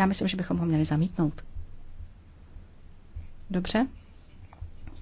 Já myslím, že bychom ho měli zamítnout. Dobře?